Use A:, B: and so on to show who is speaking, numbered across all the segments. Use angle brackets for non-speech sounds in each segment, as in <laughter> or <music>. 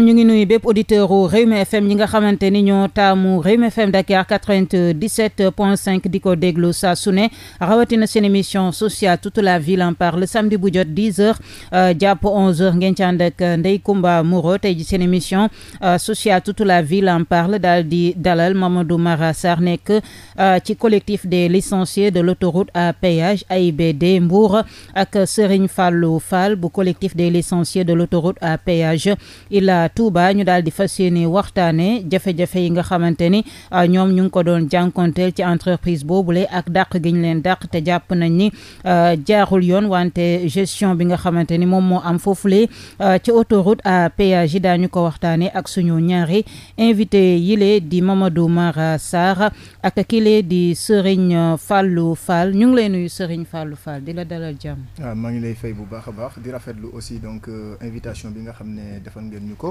A: ñu ngi nuyu bépp auditeur u Rewmi FM ñi nga xamante ni ñoo taamu Rewmi FM Dakar 97.5 di ko déglu saa su ne rawatina seen émission sociale toute la ville en parle samedi bu jot 10 heures euh, jàpp 11 heures ngeen ci ànd ak euh, Ndeye Comba Moreau tey ji seen émission euh, sociale toute la ville en parle daal di dalal Mamadou Mara Sarr nekk ci collectif des licenciés de l'autoroute à péage AIBD Mbour ak Serigne Fallou Fall bu collectif des licenciés de l'autoroute à péage il a Touba ñu daal di fas yéene waxtaane jafe-jafe yi nga xamante ni euh, ñoom ñu ngi ko doon jànkonteel ci entreprise boobu boobule ak dàq giñ leen dàq te jàpp nañ ni euh, jaarul yoon wante gestion bi nga xamante ni moom moo am foofule euh, ci autoroute à péage yi daañu ko waxtaane ak suñu ñaari invité yile di Mamadou Mara Sarr ak kile di Serigne fallu Fall ñu ngi lay nuyu Serigne Fallou Fall di la dalal jàmm.
B: waaw ah, maa lay fay bu baax baax di rafetlu aussi donc invitation bi nga xam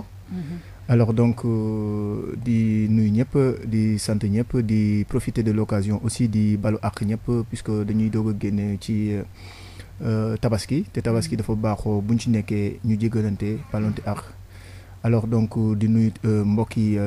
B: ko. Mm-hmm. alors donc euh, di nuyu ñëpp di sant ñëpp di profité de l'occasion aussi di balu àq ñëpp puisque dañuy doog a génne ci euh, tabaski te tabaski mm-hmm. dafa baaxoo buñ ci nekkee ñu jégalante balonte àq. alors donc di nuyu euh, mbokki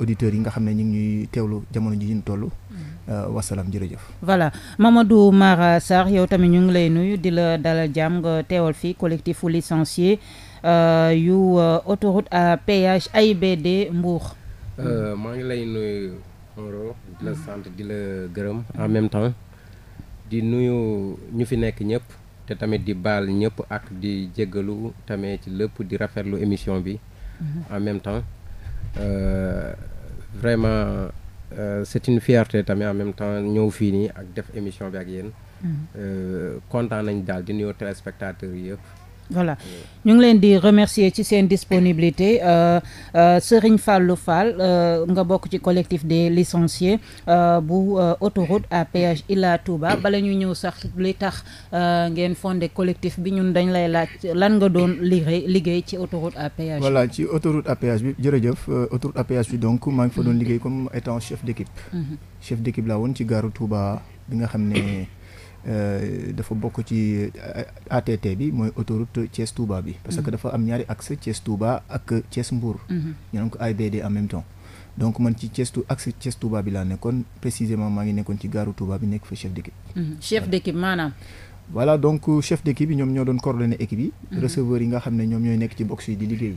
B: auditeurs yi nga xam ne ñu ngi ñuy teewlu jamono ji ñu toll. Mm-hmm. wasalaam jërëjëf.
A: voilà Mamadou Mara Sarr yow tamit ñu ngi lay nuyu di la dalal jàmm nga teewal fii collectif licencié. Euh, yu euh, autoroute à péage AIBD Mbour. Euh, maa ngi lay nuyu
C: di la sant di la gërëm en même temps di nuyu ñu fi nekk ñëpp te tamit di baal ñëpp ak di jéggalu tamit ci lépp di rafetlu émission bi. Mhm. en même temps vraiment c'est une fierté tamit en même temps ñëw fii nii ak def émission bi ak yéen. Mhm. kontaan nañ daal di nuyu téléspectateurs yëpp.
A: voilà ñu ngi leen di remercier ci seen disponibilité euh, euh, Serigne Fallou Fall euh, nga bokk ci collectif des licenciés bu autoroute à illa Ila bala ñu ñëw sax li tax ngeen de collectif bi ñun dañ lay laaj lan nga doon liggéey liggéey ci autoroute à péage.
B: ci autoroute à péage bi jërëjëf autoroute à péage bi donc maa ngi fa doon liggéey comme étant chef d'équipe. Mhm. chef d'équipe laa woon ci gaaru Touba bi nga xam ne. Euh, dafa bokk ci euh, ATT bi mooy autoroute Thiès Touba bi. parce que mhm. dafa am ñaari axe Thiès Touba ak Thiès Mbour. Mhm. ñu naan ko AIBD en même temps. donc man ci Thiès axe Thiès bi laa nekkoon précisément maa ngi nekkoon ci gaaru Touba bi nekk fa chef d'équipe.
A: Mhm. chef d'équipe maanaam.
B: voilà donc euh, chef d'équipe yi ñoom ñoo doon coordonné équipe yi. receveur yi nga xam ne ñoom ñooy nekk ci box yi di liggéey.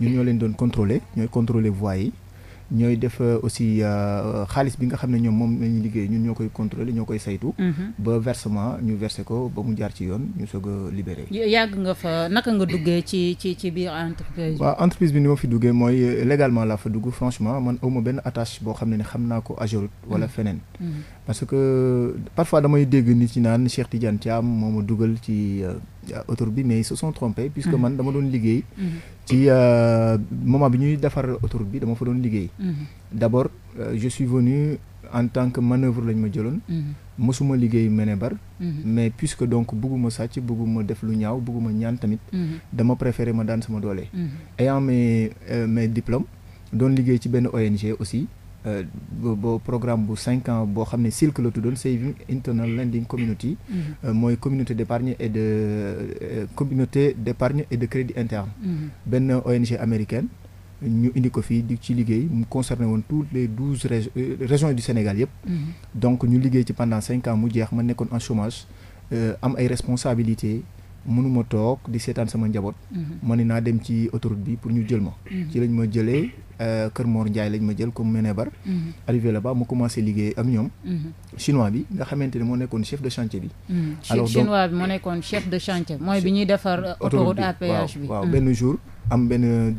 B: ñun ñoo leen doon contrôlé ñooy contrôlé voies yi. ñooy def euh, aussi euh, euh, xaalis bi nga xam ne ñoom moom la ñuy liggéey ñun ñoo koy contrôler ñoo koy saytu. Mhm. ba versement ñu versé ko ba mu jaar ci yoon ñu soog a libéré.
A: yàgg nga fa naka nga duggee ci ci ci biir entreprise. waaw
B: entreprise bi ni ma fi duggee mooy légalement laa fa dugg franchement man awma benn attache boo xam ne ne xam naa ko Ageroute wala mhm. feneen. Mhm. parce que parfois damay dégg nit ñi naan Cheikh Tidiane Thiam moo ma dugal ci. Euh, autour bi mais ils se sont trompés puisque mm-hmm. man dama doon liggéey mm-hmm. ci euh, moment bi ñuy defar autour bi dama fa doon liggéey mm-hmm. d'abord euh, je suis venu en tant que manœuvre lañ ma jëloon mësuma liggéey Ménébar mais puisque donc bëgguma sàcc bëgguma def lu ñaaw bëgguma ñaan tamit dama préféré ma daan sama doole ayant mes mes doon liggéey ci benn ONG aussi Euh, boo programme bu cinq ans boo xam ne silk la tuddoon saving internal lending community mm-hmm. euh, mooy communauté d'épargne et de euh, communauté d'épargne et de crédit interne mm-hmm. benn ONG américaine ñu indi ko fii di ci liggéey mu concerné woon tout les douze régions du Sénégal yëpp mm-hmm. donc ñu liggéey ci pendant cinq ans mu jeex ma nekkoon en chomage am ay responsabilité mënuma toog di seetaan sama njaboot. Mhm. ma ni naa dem ci autoroute bi pour ñu jël ma. Mhm. ci lañ ma jëlee euh, Kër Mor Ndiaye lañ ma jël comme ménébar. Mhm. arrivé là-bas mu commencé liggéey ak ñoom. chinois bi nga xamante ne moo nekkoon chef de chantier bi. alors donc chinois
A: bi moo nekkoon chef de chantier mooy bi ñuy defar. Euh, autoroute à bi benn
B: jour. am euh,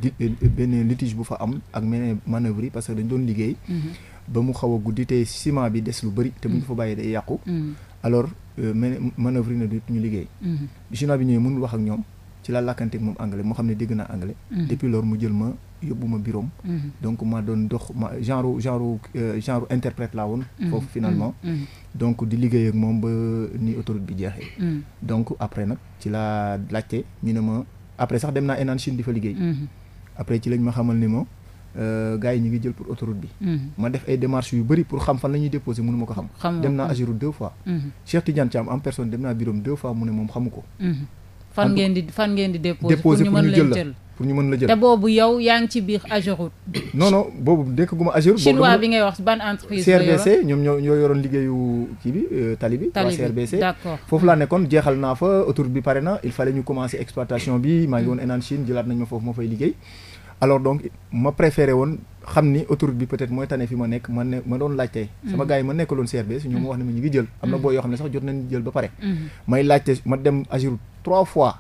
B: benn litige bu fa am ak meneen manœuvre yi parce que dañ doon liggéey. ba mu xaw a guddi te ciment bi des lu bëri. te bu ñu fa bàyyi Euh, manœuvre na du ñu liggéey. Mhm. bi chinois bi ñëwee mënul wax ak ñoom ci la làkkante moom anglais moo xam ne dégg naa anglais. Mhm. depuis loolu mu jël ma yóbbu ma bureau mhm. donc ma doon dox ma genre genre euh, genre interprète laa woon. foofu finalement. donc di liggéey ak moom ba ni autoroute bi jeexee. donc après nag ci la laajte ñu ne ma après sax dem naa Hainan Chine di fa liggéey. après ci lañ ma xamal ni ma. Euh, gars yi ñu ngi jël pour autoroute bi. Mhm. ma def ay démarches yu bëri pour xam fan la ñuy déposé mënu ma ko xam. dem naa Agirout deux fois. Mhm. Cheikh Tidiane Thiam en personne dem naa biroom deux fois mu ne moom xamu ko.
D: Mhm.
A: fan ngeen di fan ngeen di déposé. pour ñu mën leen jël pour ñu mën la jël te boobu yow yaa ngi ci biir Agirout.
B: non boobu dëkk gu ma ngay
A: wax ban entreprise la CRBC
B: ñoom ñoo ñoo yoroon liggéeyu kii bi euh, tali bi. tali bi CRBC foofu laa nekkoon jeexal naa fa autoroute bi pare na il fallait ñu commencer exploitation bi maa ngi woon Henan Chine jëlaat alors donc ma préféré woon xam ni autoroute bi peut-être mooy tane fi ma nekk ma ne ma doon laajte. Mm-hmm. sama gars yi ma nekkaloon CRBS ñoom ma wax ne ma ñu jël. am na mm-hmm. boo yoo xam ne sax jot nañu jël ba pare. Mm-hmm. may laajte ma dem Agiroute trois fois.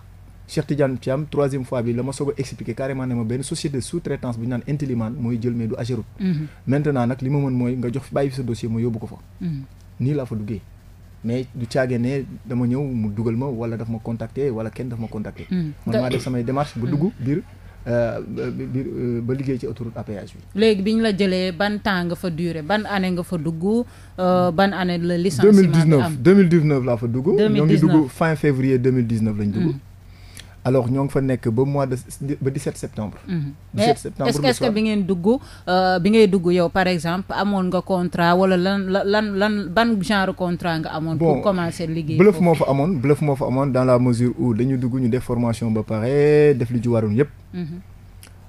B: Cheikh Tidiane Thiam troisième fois bi la ma soog a expliqué carrément ne ma benn société de sous-traitance bu ñu naan Intiliman mooy jël mais du Agiroute. maintenant nag li ma mën mooy nga jox bàyyi fi sa dossier
D: du
B: ma wala daf ma contacter wala kenn daf ma contacter. man maa def samay démarche bu dugg biir. ba liggéey ci autoroute à bi.
A: léegi bi ñu la jëlee ban temps nga fa duré ban année nga fa dugg euh, ban année la licenciement am 2019
B: 2019 laa fa dugg. 2019 ñoo ngi dugg fin février 2019 lañ dugg. Mm. alors ñoo ngi fa nekk ba mois de ba 17 septembre. 17 mhm. septembre est bi
A: ngeen dugg euh, bi ngay dugg yow par exemple amoon nga contrat wala lan lan lan ban genre contrat nga amoon. pour commencer liggéey bluff moo
B: fa amoon bluff amoon dans la mesure où dañu dugg ñu def formation ba pare def li ci yëpp. Mhm.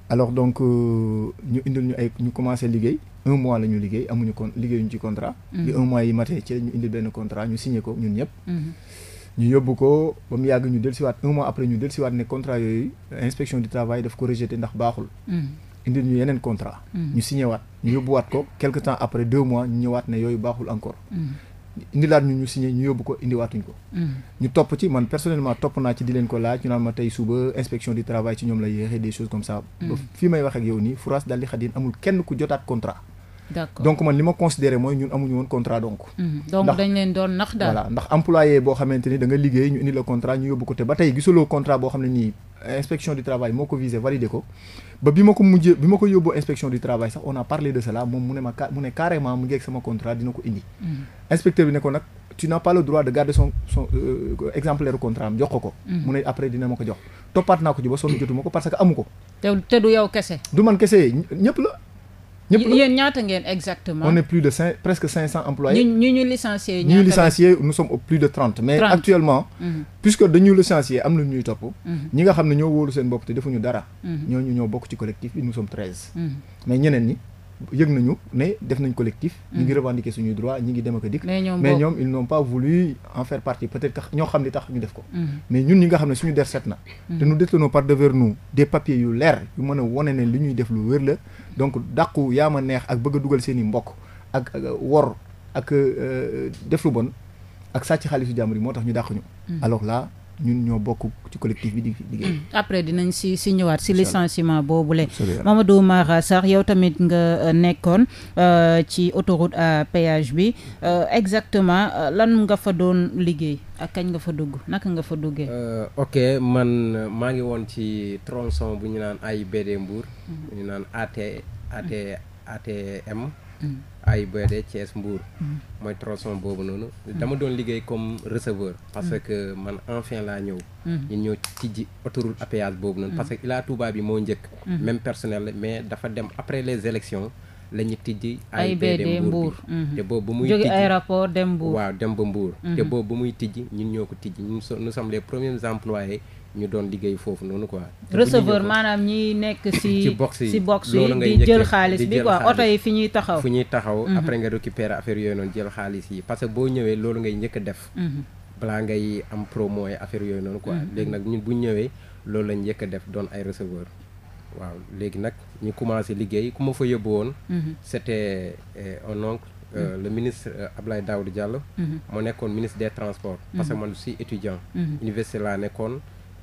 B: alors donc euh, ñu indil ñu ay ñu commencé liggéey un mois la ñu liggéey amuñu kon liggéeyuñu ci contrat. li mhm. un mois yi matee ci la ñu indil benn contrat ñu signé ko ñun ñëpp. ñu yóbbu ko ba mu yàgg ñu dellusiwaat un mois après ñu dellusiwaat ne contrat yooyu inspection du travail daf ko rejeté ndax baaxul. Mm. indil ñu yeneen contrat. Mm. ñu signé waat ñu yóbbuwaat ko quelque temps après deux mois ñu ñëwaat ne yooyu baaxul encore. Mm. indilaat ñu ñu signé ñu yóbbu ko indiwaatuñ ko. ñu topp ci man personnellement topp naa ci di leen ko laaj ñu naan ma tey suba inspection du travail ci ñoom la yéexee des choses comme ça. fi may wax donc man li ma considéré mooy ñun amuñu woon contrat donc.
A: Mhm. dañ leen doon nax daal
B: ndax employé boo xamante ni da liggéey ñu indi la contrat ñu yóbbu ko te ba tey gisuloo contrat boo xam ne nii inspection du travail a moom mu ne ma mu ne carrément mu ngi sama contrat dina ko indi. Mhm. inspecteur bi ne ko nag tu n'as pas le droit de garder son son euh, exemplaire contrat am jox ko mhm. mu ne après dina ma ko jox toppaat naa ko ci ba sonn jotuma ko parce que ñëpp yéen
A: ñaata ngeen exactement. on est
B: plus de cinq presque cinq cent employés.
A: ñu ñu licencié ñaata ñu licencié
B: nous plus de trente. mais actuellement. Mhm. puisque dañu licencié am na ñuy topp. Mhm. ñi nga xam ne ñoo wóolu seen bopp te defuñu dara. Mhm. ñooñu ñoo bokk ci collectif bi nous sommes treize. mais ñeneen ñi. yëg nañu ne def nañ collectif. ñu ngi mm. revendiquer suñuy droit ñu ngi dem ak dikk. mais ñoom ils n'ont pas voulu en faire partie peut-être que ñoo xam ni tax ñu def ko. Mm. mais ñun ñi nga xam ne suñu der set na. Mm. te nous détenons par devers nous des papiers yu leer yu mën a wane ne li ñuy def lu wér la donc dàqu yaa ma neex ak bëgg a dugal seeni i mbokk ak wor ak euh, def lu bon ak sàcc xaalisu jàmbur yi moo tax ñu dàq ñu. alors là. ñun ñoo bokk ci collectif bi di liggéey. Mm.
A: après dinañ si si ñëwaat si licenciement boobule. Mamadou Mara Sarr yow tamit nga euh, nekkoon euh, ci autoroute à péage bi euh, exactement lan nga fa doon liggéey ak kañ nga fa dugg naka nga fa duggee.
C: ok man maa ngi woon ci tronçon bu ñu naan AIBD Mbour. Mm-hmm. ñu naan AT AT ATM. Mm. AIBD Thiès Mbour. Mm. mooy tronçon boobu noonu. Mm. dama doon liggéey comme receveur. parce que man enfin laa ñëw. ñu ñëw tijji autoroute à péage boobu noonu. parce que Ila Touba yi moo njëkk. même personnel la mais dafa dem après les élections la ñu tijji. AIBD mm-hmm. Mbour te mm-hmm. boobu ba muy tijji jóge ñun ñoo ko tijji ñun nous sommes les premiers ñu doon liggéey foofu noonu quoi. receveur
A: maanaam ñi nekk si. <laughs> ci box yi di jël xaalis bi quoi oto yi fi ñuy taxaw. fu
C: ñuy taxaw mhm. après nga récupérer affaire yooyu noonu jël xaalis parce que boo ñëwee loolu ngay njëkk a def. Mhm. balaa ngay am promo affaire yooyu noonu quoi. Mhm. léegi nag ñun bu ñëwee loolu lañ njëkk a def doon ay receveur. waaw léegi nag ñu commencé liggéey ku ma fa yóbbu woon. c'était euh, un oncle. Euh, mm -hmm. le ministre euh, Abdoulaye Daouda Diallo. moo mm -hmm. nekkoon ministre des transports.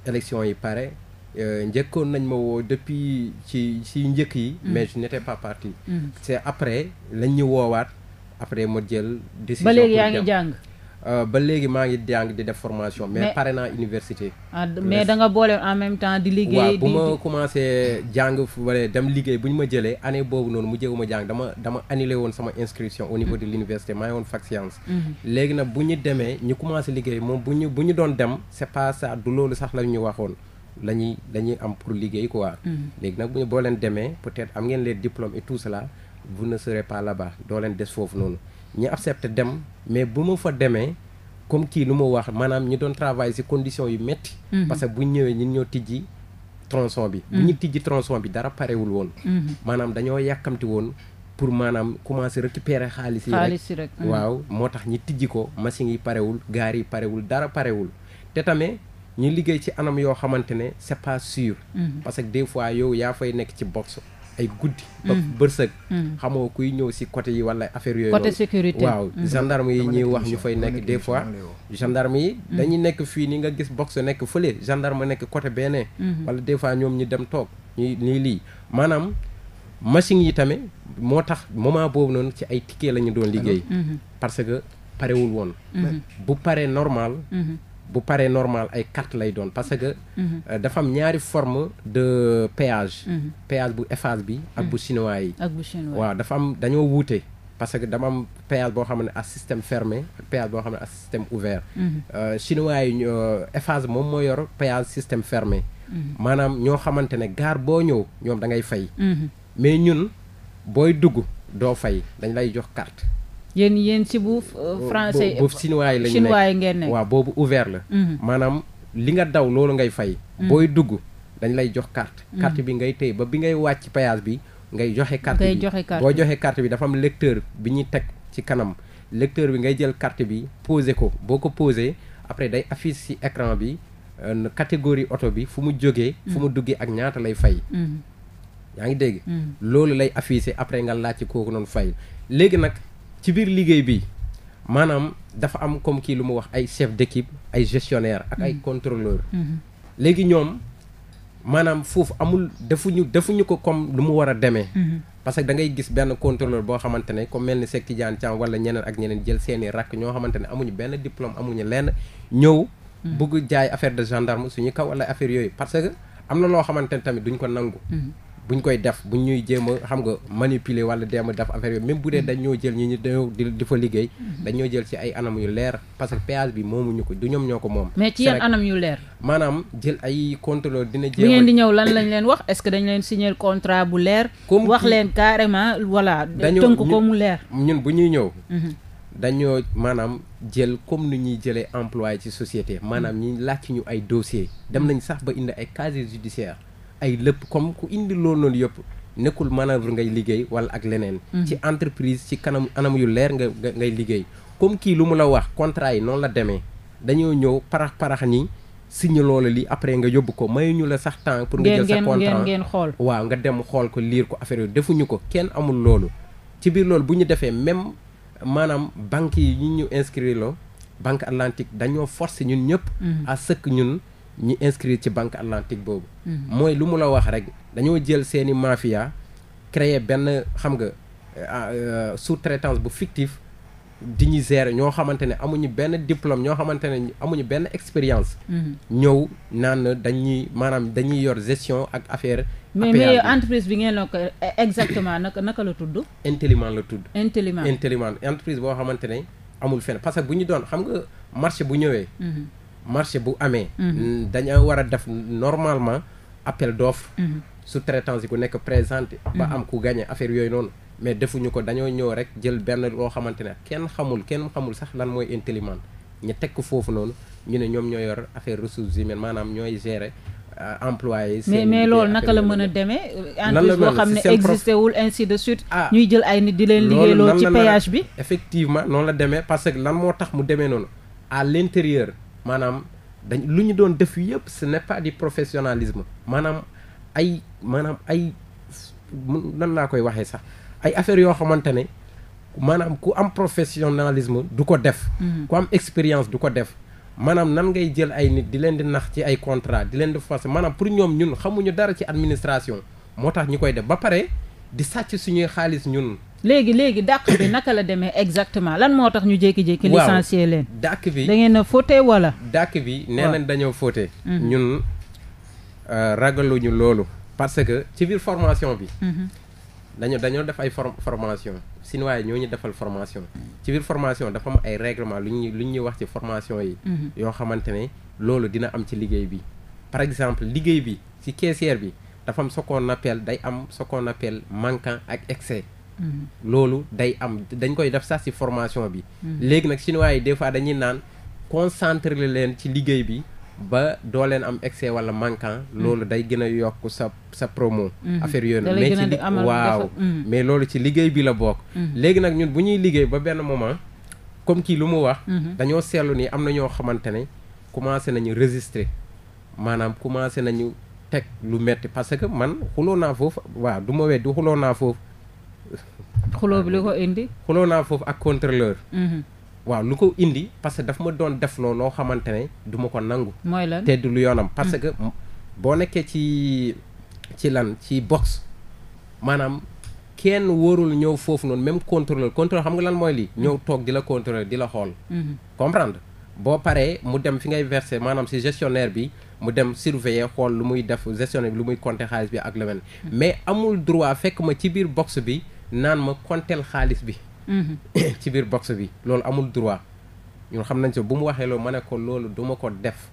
C: élection yi pare euh, njëkkoon nañ ma woo depuis ci ci njëkk yi. Mm. mais je n'étais pas parti. Mm. c'est après lañ ñu woowaat après ma jël. décision ba léegi yaa ngi jàng. Euh, ba léegi maa ngi jàng di def formation. mais pare naa université.
A: Ah, mais da nga boole en même temps di liggéey. di waaw bu ma
C: commencé jàng wala dem liggéey bu ma jëlee année boobu noonu mu jéegu ma jàng dama dama annulé woon sama inscription au niveau de l' université maa ngi woon mhm. bu ñu ñu commencé liggéey moom bu ñu bu ñu la mhm. ñu waxoon. la ñuy la bu boo leen demee peut-être am ngeen les diplômes et tout cela vous ne serez pas doo leen des foofu noonu. ñu accepté dem mais bu ma fa demee comme kii lu mu wax maanaam ñu doon travail ci condition yu métti mhm. parce que bu ñëwee ñun ñoo tijji tronçon bi bu mhm. ñu tijji tronçon bi dara parewul woon mhm. maanaam dañoo yàkkamti woon pour maanaam commencer récupérer xaalis yi rek waaw moo tax ñi tijji ko machine yi parewul gaar yi parewul dara parewul te tamit ñu liggéey ci anam yoo xamante ne c'est pas sûr parce que des fois yow yaa fay nekk ci boxe ay guddi. ba mm. bërsëg. Mm. xamoo kuy ñëw si côté yi wala affaire yooyu. côté sécurité waaw mm. gendarme yi ñuy wax ñu fay nekk des gendarme yi dañuy nekk fii ni nga gis boxe nekk fële gendarme nekk côté bene mm-hmm. wala des fois ñoom ñu dem toog ñuy nii lii maanaam machine yi tamit moo tax moment boobu noonu ci ay ticket lañu doon liggéey. Mm-hmm. parce que parewul woon. Mm-hmm. bu pare normal. bu paree normal ay carte lay doon parce que mhm. euh, dafa am ñaari forme de péage mhm. péage bu Eiffage bi ak bu mhm. chinois yi ak bu chinois waaw dafa am dañoo wuute parce que dama am péage boo xam ne à système fermé ak péage boo xam ne à système ouvert
A: euh,
C: chinois yi Eiffage moom moo yor péage système fermé maanaam ñoo xamante ne gaar boo ñëw ñoom da ngay fay mais ñun booy dugg doo fay dañ lay jox carte
A: yéen yéen si bu euh, français boobu
C: chinois yi la ñu ngeen nekk waaw boobu ouvert la mhm. maanaam li nga daw loolu ngay fay mhm. booy dugg dañ lay jox carte mhm. carte bi ngay téye ba bi ngay wàcc péage bi ngay joxe carte bi boo joxe carte bi dafa am lecteur bi ñuy teg ci kanam lecteur bi ngay jël carte bi posé ko boo ko posé après day affiche ci écran bi euh, catégorie oto bi fu mu jógee fu mu duggee ak ñaata lay fay yaa ngi dégg loolu lay affiché après nga laaj kooku noonu fay léegi nag ci biir liggéey bi maanaam dafa am comme kii lu mu wax ay chef d'équipe ay gestionnaire ak ay mm-hmm. contrôleur mm-hmm. léegi ñoom maanaam foofu amul defuñu defuñu ko comme lu mu war a demee mm-hmm. parce que da ngay gis benn contrôleur boo xamante ne comme mel ni Cheikh Tidiane Thiam wala ñeneen ak ñeneen jël seeni rakk ñoo xamante ne amuñu benn diplôme amuñu lenn ñëw bëgg jaay affaire de gendarme suñu kaw wala affaire yooyu parce que am na loo xamante ne tamit duñu ko nangu buñ koy def buñ ñuy jéem a xam nga manipuler wala dem def affaire yooyu même bu dee dañoo jël ñu ñu dañoo di fa liggéey. Mhm. dañ jël ci ay anam yu leer parce que péage bi moomuñu ko du ñoom ñoo ko moom. mais ci yan anam yu leer. maanaam jël ay contrôleur dina. jéem ngeen di
A: ñëw lan lañ leen wax est-ce que dañ leen signer contrat bu leer. comme wax leen carrément voilà. tënk ko mu leer
C: ñun bu ñuy ñëw. Mhm. dañoo maanaam jël comme ni ñuy jëlee employé ci société maanaam ñi laaj ñu ay dossier dem nañ sax ba indi ay casier judiciaire ay lépp comme ku indi loolu noonu yëpp nekkul manœuvre ngay liggéey wala ak leneen. Mhm. ci entreprise ci kanam anam yu leer nga ngay liggéey comme kii lu mu la wax contrat yi noonu la demee dañoo ñëw parax parax ñi signé loola li après nga yóbbu ko ñu la sax temps pour nga jël sa contrat ngeen xool waaw nga dem xool ko liir ko affaire defu ñu ko kenn amul loolu ci biir lool bu ñu defee même maanaam banque yi ñu ñu inscrire banque atlantique dañoo forcé ñun ñëpp mhm. ñi inscrire ci banque atlantique boobu. Mhm. mooy lu mu la wax rek dañoo jël seeni mafia créer benn xam nga euh, ah, euh, sous-traitance bu fictif di ñu gérer ñoo xamante ne amuñu benn diplome ñoo xamante ne amuñu benn expérience. Mhm. ñëw naan dañuy maanaam dañuy yor gestion ak affaire. mais mais
A: entreprise bi ngeen e-, exactement naka naka la tudd.
C: Intellimant la tudd. Intellimant Intellimant entreprise boo xamante ne amul fenn parce que bu ñu doon xam nga bu ñëwee. Mhm. marché bu amee. Mhm. dañoo war a def normalement appel d'offre. Mhm. su traitants yi ku nekk présenté. ba mhm. am ku gagné affaire yooyu noonu. mais defuñu ko dañoo ñëw rek jël benn loo xamante ne kenn xamul kenn xamul sax lan mooy Intélimane ñu teg ko foofu noonu ñu ne ñoom ñoo yor affaire ressources humaines maanaam ñooy gérer. Euh, employés mais mais loolu naka la mën a
A: demee entreprise boo xam ne existé wul ainsi de suite ah. ñuy jël ay nit di leen liggéeyloo ci péage
C: bi effectivement noonu la demee parce que lan moo tax mu demee noonu à l'intérieur maanaam dañ lu ñu doon def yëpp ce n'est pas du professionnalisme maanaam ay maanaam ay nan laa koy waxee sax ay affaires yoo xamante ne maanaam ku am professionnalisme du ko def. Mm-hmm. ku am expérience du ko def. maanaam nan ngay jël ay nit di leen di nax ci ay contrat di leen di forcer maanaam pour ñoom ñun xamuñu dara ci administration moo tax ñu koy def ba pare. di sàcc suñuy xaalis ñun.
A: léegi léegi dàq bi naka la demee exactement lan moo tax ñu jékki-jékki. waaw licencier leen dàq bi da ngeen a fauté wala.
C: dàq bi nee nañ dañoo foote mm-hmm. ñun euh, ragaluñu loolu. parce que ci biir formation bi. Mm-hmm. dañu dañoo def ay formation Sinwaa yi ñoo ñu defal formation. ci biir formation dafa am ay règlement lu ñu lu ñuy wax ci formation yi. Mm-hmm. yoo xamante ne loolu dina am ci liggéey bi. par exemple liggéey bi ci caissière bi. dafa am ce qu'on day am ce qu'on appelle manquant ak excès mhm. loolu day am dañ koy def sax ci formation bi mhm. léegi nag chinois yi des fois dañuy naan concentrer leen ci liggéey bi ba doo leen am excès wala manquant mhm. loolu day gën a yokk sa sa promo affaire yooyu noonu mais ci loolu ci liggéey bi la bokk léegi nag ñun bu ñuy liggéey ba benn moment comme kii lu mu wax dañoo seetlu ni am na ñoo xamante ne commencé nañu résister maanaam commencé nañu teg lu metti parce que man xuloo naa foofu waaw du ma weddi xuloo naa foofu.
A: xuloo bi lu ko indi.
C: xuloo naa foofu ak contrôleur. Mhm. waaw lu ko indi parce que daf ma doon def loo loo xamante ne duma ko nangu.
A: mooy
D: lan te
C: lu yoonam parce mhm. que boo nekkee ci ci lan ci box maanaam. kenn wóorul ñëw foofu noonu même contrôleur contrôleur xam nga lan mooy lii mhm. ñëw toog di la contrôler di la xool boo paree mu dem fi ngay verser maanaam si gestionnaire bi mu dem surveiller xool lu muy def gestionnaire bi lu muy compter xaalis bi ak leneen mm-hmm. mais amul droit fekk ma ci biir box bi naan ma compter xaalis bi. Mm-hmm. <coughs> ci biir box bi loolu amul droit. ñun xam nañ si bu mu waxee loolu ma ne ko loolu duma ko def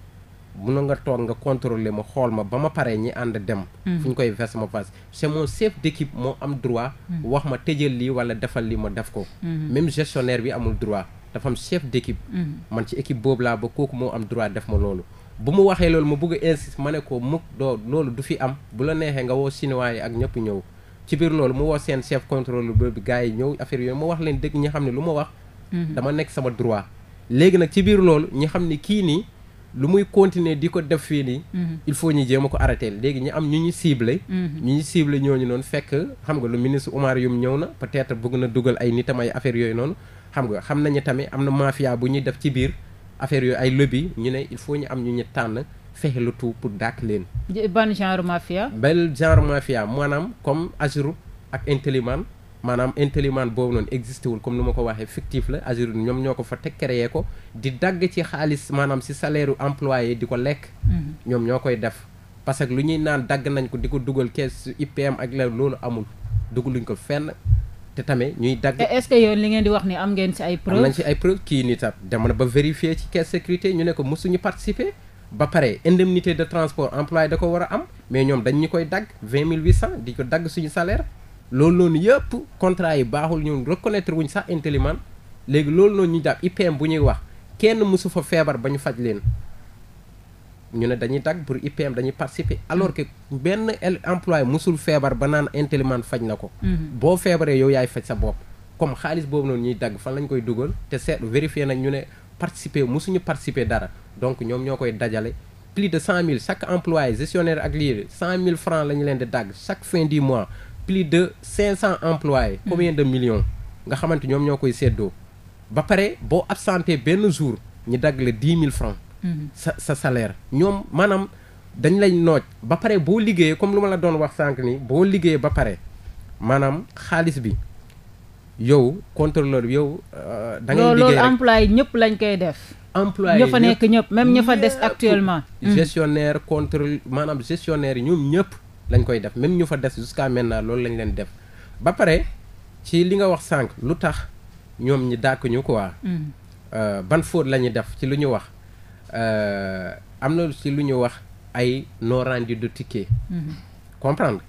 C: mu na nga toog nga contrôler ma xool ma ba ma paree ñi ànd dem. Mm-hmm. fu ñu koy verser ma passe c'est mon chef d'équipe moo am droit. wax ma tëjal lii wala defal lii ma def ko. même gestionnaire bi amul droit. dafa am chef d' équipe. Mm-hmm. man ci équipe boobu laa ba kooku moo am droit def ma loolu. bu mu waxee loolu ma bëgg a ma ne ko mukk doo loolu du fi am bu la neexee nga woo chinois yi ak ñëpp ñëw ci biir loolu mu woo seen chef contrôle boobu gars yi ñëw affaire yooyu ma wax leen dëgg ñi xam ne lu ma wax. Mm-hmm. dama nekk sama droit. léegi nag ci biir loolu ñi xam ne kii nii lu muy continuer di ko def fii nii. Mm-hmm. il faut ñu jéem a ko arrêté léegi ñu am ñu ñu ciblé. ñu ñu ciblé ñooñu noonu fekk xam nga lu ministre Oumar Youm ñëw na peut-être bëgg na dugal ay nitam ay affaire yooyu noonu. xam nga xam nañu tamit am na mafia bu ñuy def ci biir affaire yooyu ay lobby ñu ne il faut ñu am ñu ñu tànn fexe lu tout pour dàkk leen.
A: ban genre mafia.
C: bel genre mafia maanaam comme Ageroute ak Intelliman maanaam Intelliman boobu noonu existé wul comme nu ma ko waxee fictif la Ageroute ñoom ñoo ko fa teg créé ko di dagg ci xaalis maanaam si salaire yi di ko lekk. Mm-hmm. ñoom ñoo koy def. parce que lu ñuy naan dagg nañ ko di ko dugal kees IPM ak la loolu amul dugaluñ ko fenn te tamit ñuy dagg.
A: est-ce que li ngeen di wax ni am ngeen ci ay preuves am nañ
C: ci ay preuves kii nii tam dem ba vérifier ci caisse sécurité ñu ne ko mosuñu participer ba pare indemnité de transport employé da ko war a am mais ñoom dañu ñu koy dagg vingt mille huit cent di ko dagg suñu salaire loolu noonu yëpp contrat yi baaxul ñu reconnaître wuñu sax Intélimane léegi loolu noonu ñu jàpp IPM bu ñuy wax kenn mosu fa feebar ba ñu faj leen. ñu ne dañuy dagg pour IPM dañuy participer alors que benn employé mosul feebar ba naan inteliman faj na ko mhm. boo feebaree yow yaay faj sa bopp comme xaalis boobu noonu ñuy dagg fan lañ koy dugal te seet vérifier nag ñu ne participer musuñu participer dara donc ñoom ñoo koy dajale plus de cent mille chaque employé gestionnaire ak lii cent mille francs la ñu leen di dagg chaque fin du mois plus de cinq cent employés mhm. combien de millions nga xamante ñoom ñoo koy séddoo ba pare boo absenté benn jour ñi dagg dix mille francs Mm-hmm. sa sa salaire ñoom maanaam dañ lañ nooj ba pare boo liggéeyee comme lu ma la doon wax sànq ni boo liggéeyee ba pare maanaam xaalis bi yow contrôleur yow. Euh, da ngay liggéey loolu
A: employé ñëpp lañ koy def. employé ñëpp ña nekk ñëpp même ña fa des actuellement. Mm-hmm.
C: gestionnaire mm. maanaam gestionnaire yi ñoom ñëpp lañ koy def même ñu fa des jusqu'à maintenant loolu lañ leen def ba pare ci li nga wax sànq lu tax ñoom ñi dàkk ñu quoi. Mm-hmm. Euh, ban faute la def ci lu ñu wax. Euh, am na si lu ñu wax ay non rendu de ticket. Mhm. comprendre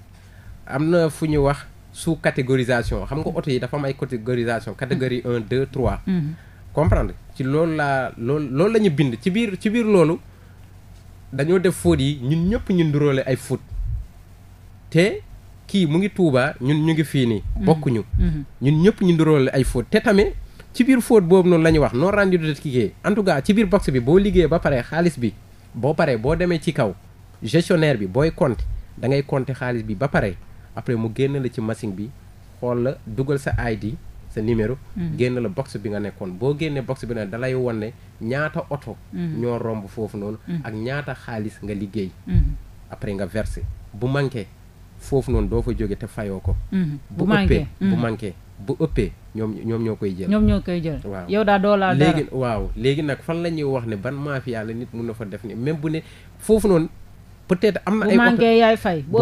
C: am na fu ñu wax su catégorisation xam nga oto yi dafa am ay catégorisation catégorie un deux trois. Mhm. comprendre ci loolu laa loolu loolu la bind ci biir ci biir loolu dañoo def faute yi ñun ñëpp ñu ndiroole ay faute te kii mu ngi Touba ñun ñu ngi fii nii. Mhm. bokkuñu. ñun ñëpp ñu nduróole ay faute te tamit. ci biir faute boobu noonu la ñuy wax non rendu de ticket en tout cas ci biir box bi boo liggéeyee ba pare xaalis bi boo paree boo demee ci kaw gestionnaire bi booy compte da ngay compter xaalis bi ba pare après mu génn la ci machine bi xool la dugal sa ID sa numéro. Mm. génn la box bi nga nekkoon boo génnee box bi nag da lay wan ne ñaata oto. Mm. ñoo romb foofu noonu. Mm. ak ñaata xaalis nga liggéey. après nga versé bu manqué foofu noonu doo fa jóge te fayoo ko. bu manqué bu ëppee bu ñoom ñoom ñoo koy jël. ñoom ñoo koy jël. waaw yow daal doo laal léegi waaw léegi nag fan la ñuy wax ne ban mafia la nit mun na fa def ni même bu ne foofu noonu. peut-être am na ay. bu manqué yaay fay. bu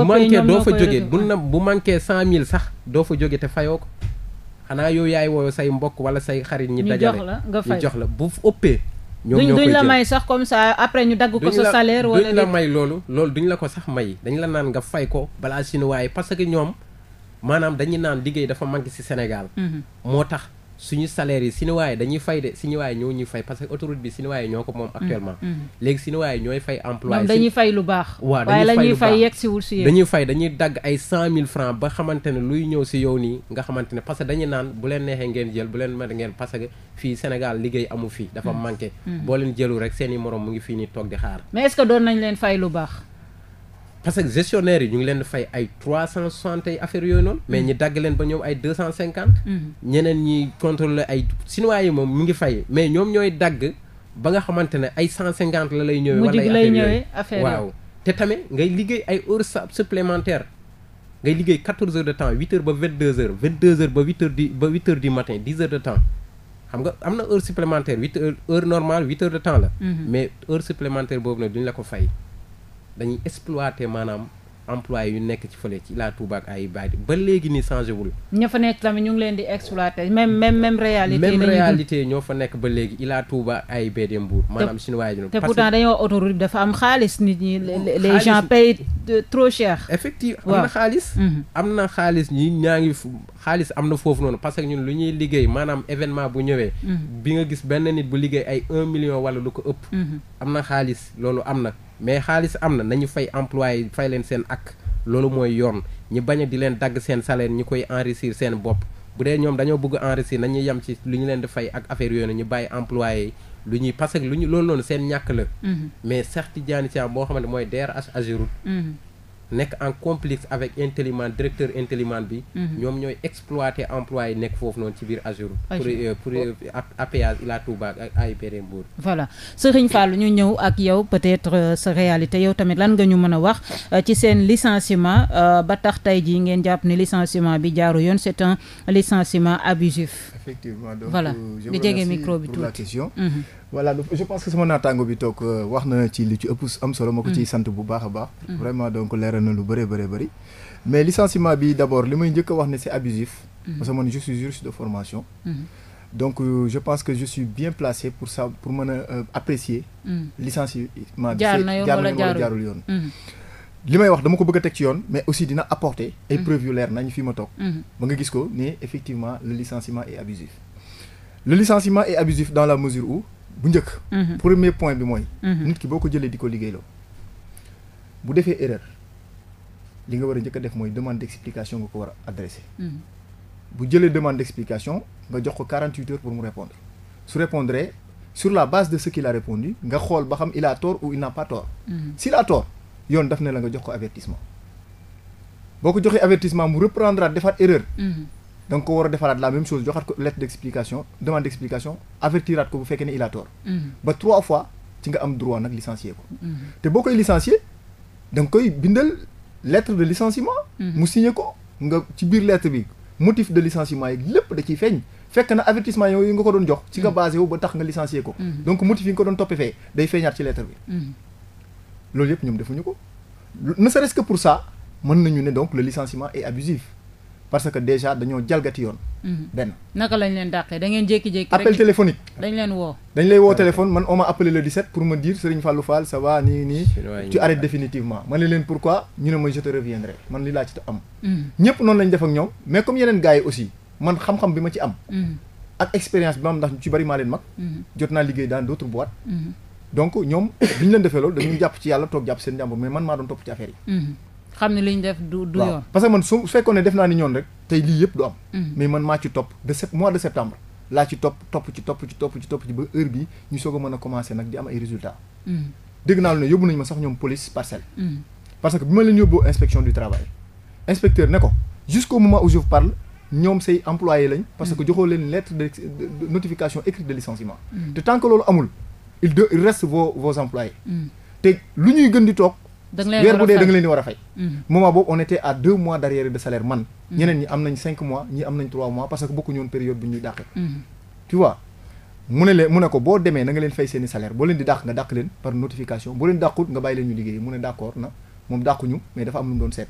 C: doo fa jógee bu na bu manqué cent mille sax doo fa jóge te fayoo ko xanaa yow yaay wooyo say mbokk wala say xarit. ñi dajale ñu jox la nga fay jox la bu ëppee. ñoom ñoo koy duñ la may
A: sax comme ça après ñu dagg ko sa salaire. wala duñ la
C: may loolu loolu duñ la ko sax may dañ la naan nga fay ko balaa chinois yi parce que ñoom maanaam dañu naan liggéey dafa manqué ci Sénégal. Mhm. moo tax suñu salaire yi sinuwaay dañuy fay de sinuwaay ñoo ñuy fay parce que autoroute bi sinuwaay ñoo ko moom actuellement. Mhm. Mhm. léegi sinuwaay ñooy fay employé. dañuy fay lu baax. waaw dañuy fay yegg si wul si dañuy dagg ay cent mille francs ba xamante ne luy ñëw si yow nii nga xamante ne parce que dañu naan bu leen neexee ngeen jël bu leen mën ngeen parce que fii Sénégal liggéey amu fii. dafa manqué. boo leen jëlu rek seen i mu ngi fii nii to di xaar.
A: mais leen fay lu baax.
C: parce que gestionnaire yi ñu ngi leen di fay ay trois cent soixante ay affaires yooyu noonu. mais mm. ñi dagg leen ba ñoom ay deux cent cinquante. Mm. ñeneen ñi contrôler ay chinois yi moom mu ngi fay mais ñoom ñooy dagg ba nga xamante ne ay cent cinquante la lay. ñëwee wala ay affaires affaire waaw te tamit ngay liggéey ay heures supplémentaires ngay liggéey quatorze heures de temps huit heures ba vingt deux heures ba huit heures du matin dix heures de temps. xam nga am na heure supplémentaire huit heures heure normale huit heures de temps la. Mm-hmm. boobu nag duñ fay. dañuy exploiter maanaam employé yu nekk ci fële ci la Touba ay baadi ba léegi nii changé wul.
A: ña fa nekk tamit ñu ngi leen di exploiter même même même réalité. même réalité
C: ñoo fa nekk ba léegi Ila Touba ay BD Mbour. maanaam chinois yi te pourtant
A: dañoo autoroute dafa am xaalis nit ñi. Oh, les gens payent trop cher.
C: effectivement am xaalis. Mhm. am na xaalis ñi ñaa ngi xaalis am na foofu noonu parce que ñun lu ñuy liggéey maanaam événement bu ñëwee. Mhm. bi nga gis benn nit bu liggéey ay 1 million wala lu ko ëpp. Mhm. am na xaalis loolu am na. mais xaalis am na nañu fay employé fay leen seen ak loolu mooy yoon ñu bañ a di leen dagg seen salaire ñu koy enrichir seen bopp bu dee ñoom dañoo bëgg enrichir nañu yem ci lu ñu leen di fay ak affaire yoon ñu bàyyi employé lu ñuy parce que lu ñu loolu noonu seen ñàkk la mm-hmm. mais Cheikh Tidiane Thiam boo xamante mooy DRH Ageroute mm-hmm. nekk en complice avec Intellimane directeur Intellimane bi. Mhm. ñoom ñooy exploiter employé nekk foofu noonu ci biir Azur. pour euh, pour euh, APA Ila Touba ay AIBD Mbour.
A: voilà Serigne Fall ñu ñëw ak yow peut-être euh, sa réalité yow tamit lan nga ñu mën a wax ci seen licenciement ba tax tey jii ngeen jàpp ne licenciement bi jaaru yoon c'est un licenciement abusif. effectivement donc voilà nga jege micro bi tuuti
B: voilà voilà je pense que sama naataango bi toog euh, wax na ci li ci ëpp am solo moo ko mm. ciy sant bu baax a baax mm. vraiment donc leeral na lu bëree bëree bëri mais licenciement bi d'abord li may jëkk wax ne c'est abusif mm. parce que man de formation donc euh, je pense que je suis bien placé pour ça pour mën a euh, apprécier licenciement bi jaar na yoon wala jaarul yoon li may wax dama ko bëgg a teg ci yoon mais aussi dina apporter ay yu leer nañu fi ma toog ba nga gis ko ne effectivement le licenciement est abusif le licenciement est abusif dans la mesure bu njëkk. Mhm. premier point bi mooy. Mhm. nit ki boo ko jëlee di ko liggéeyloo. bu defee erreur li nga war a njëkk a def mooy demande d'explication nga ko war adressé. Mhm. bu jëlee demande d'explication nga jox ko 48 heures pour mu répondre su répondre sur la base de ce qu'il répondu nga xool ba xam il a ou il n'a pas tort. s'il yoon daf ne la nga jox ko avertissement boo ko joxee avertissement mu reprendre defaat erreur. da ko war a defaraat la même chose joxaat ko lettre d' explication demande d' explication avertiraat ko bu fekkee ne il a mm-hmm. ba trois fois ci nga am droit nag licencier ko. Mm-hmm. te boo koy licencier da nga koy bindal lettre de licenciement. Mm-hmm. mu signé ko nga ci biir lettre bi motif de licenciement yi lépp da ciy feeñ. fekk na avertissement yooyu nga ko doon jox. ci nga basé wu ba tax nga licencier ko. donc motif yi nga ko doon toppee fee day feeñaat ci lettre loolu yëpp ñoom defuñu ko. ne serait pour ça mën nañu ne donc le licenciement est abusif. parce que déjà dañoo jalgati yoon. Mhm. benn
A: naka lañ leen dàqee da ngeen jékki-jékki. appel téléphonique. dañ leen woo.
B: dañ lay woo téléphone man on m'a appelé le 17 pour me dire Serigne Fallou Fall ça va nii nii. tu arrêtes définitivement man leen pourquoi ñu ne ma je te reviendrai man li laa ci am. Mhm. ñëpp noonu lañ def ak ñoom mais comme yeneen gars aussi man xam-xam bi ma ci am. Mhm. ak expérience bi ma ndax ci bari maa leen mag. jot naa liggéey dans d'autres
A: xam ne li ñu def du du yoon.
B: parce que man su fekkoon ne def naa ni ñoon rek tey lii yëpp du am. Mm. mais man maa ci topp de sept mois de septembre laa ci topp topp ci topp ci topp ci topp ci ba heure bi ñu soog a mën a commencé nag di am ay résultats. Mm. dégg naa lu ne yóbbu nañu ma sax ñoom police parcelle. Mm. parce que bi ma leen yóbboo inspection du travail inspecteur ne ko jusqu'au moment où je vous parle ñoom say employé lañ. parce que joxoo leen lettre de notification écrite de licenciement. te tant que loolu amul il de il te lu ñuy gën di toog.
D: weer bu dee da leen di war a fay mm-hmm.
B: moment boobu on à deux mois d'arriéré de salaire man mm-hmm. ñeneen ñi am nañ cinq mois ñi am nañ trois mois parce que bokkuñu woon période bi ñuy dàqee mm-hmm. tu mu ne leen mu ne ko boo demee na nga leen fay seeni salaire boo leen di dàq nga dàq leen par notification boo leen dàqut nga bàyyi leen ñu liggéey mu ne d'accord na moom dàquñu mais dafa am lu mu doon seet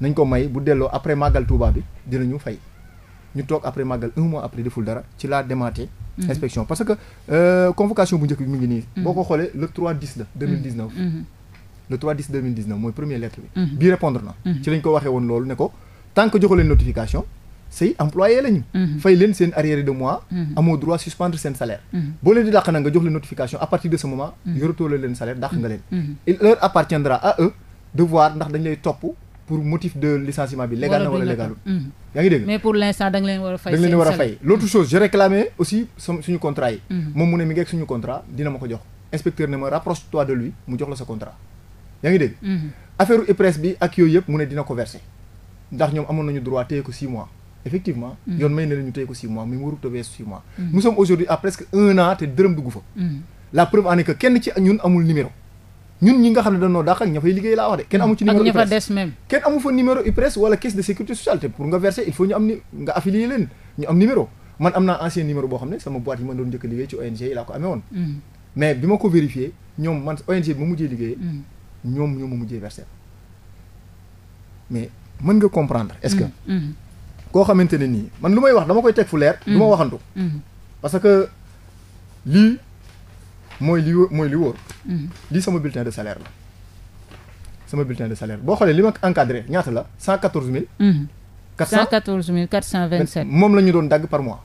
B: nañ ko may bu delloo après màggal Touba bi dinañu fay ñu toog que euh, convocation bu njëkk bi mu ngi nii boo ko xoolee le le 3 10 2019 mooy première lettre bi. Mhm. bii répondre na. Mhm. ci lañ ko waxee woon loolu ne ko tant que joxu notification say employé lañu. Mhm. fay leen seen arriéré de mois. amoo droit suspendre seen salaire. boo leen di dàq nag nga jox leen notification à partir de ce moment. yoratoo la leen salaire dàq nga leen. il leur appartiendra à eux de voir ndax dañ lay topp. pour motif de licenciement bi légal na wala légalul yaa ngi dégg
A: mais leen war
B: a fay da yaa ngi dégg. Mhm. affaire IPRES bi ak yooyu yëpp mu ne dina ko verser ndax ñoom amoon nañu droit téye ko 6 mois effectivement. Mhm. yoon may na la ñu ko 6 mois mu warut a weesu mois. Mhm. nous sommes aujourd'hui à presque un an te dërëm dugg fa. la preuve en est que kenn ci ñun amul numéro. ñun ñi nga xam ne dañoo dàq ak ña fay liggéey laa wax de kenn amu fa des même. kenn amu de sécurité sociale te pour nga verser il faut ñu am ni nga affilier leen ñu am numéro man am boo xam ne sama boîte yi ma doon njëkk liggéey ci ONG ñoom ñoo ma mujjee versé mais mën nga comprendre. est-ce que. Mm-hmm. Mm-hmm. koo xamante ne nii man lu may wax dama koy teg fu leer. du ma mm-hmm. waxantu. parce que lii mooy li mooy li wóor. lii sama bulletin de salaire la. sama bulletin de salaire boo xoolee li ma encadré ñaata la cent quatorze mille. quatre cent quatorze mille quatre cent vingt sept. moom la ñu doon dagg par mois.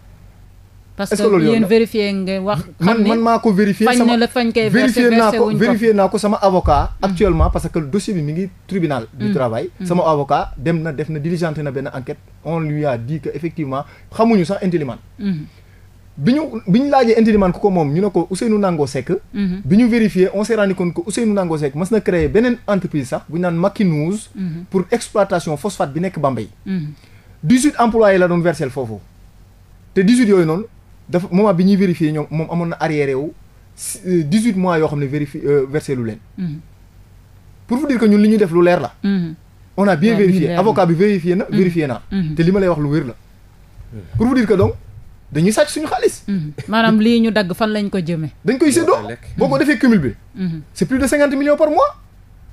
B: parce que yéen
A: vérifié nga wax. man man maa
B: ko vérifié sama
A: vérifié naa ko vérifié
B: naa ko sama avocat. Mm. actuellement parce que dossier bi mi ngi tribunal. du mm. travail mm. sama avocat dem na def na diligenté na benn enquête on lui a dit que effectivement xamuñu sax Intélimane. bi ñu bi ñu laajee Intélimane ku ko moom ñu ne ko Ousseynou Nango Seck. Mm-hmm. bi ñu vérifié on s' est rendu compte que Ousseynou Nango Seck mas na créé beneen entreprise sax bu ñu naan Makinews. Mm-hmm. pour dafa moment bi ñuy vérifier ñoom moom amoon na arriéré wu euh, dix huit mois yoo xam ne vérifié euh, versé lu leen. Mm-hmm. pour vous dire que ñun li ñu def lu leer la. Mm-hmm. on a bien vérifié avocat bi vérifié naa. Mm-hmm. te li ma lay wax lu wér la. pour vous dire que donc dañuy sàcc suñu xaalis.
A: maanaam lii ñu dagg fan lañ ko jëmee.
B: dañ koy séddoo boo ko defee cumul bi. c' plus de cinquante millions par mois.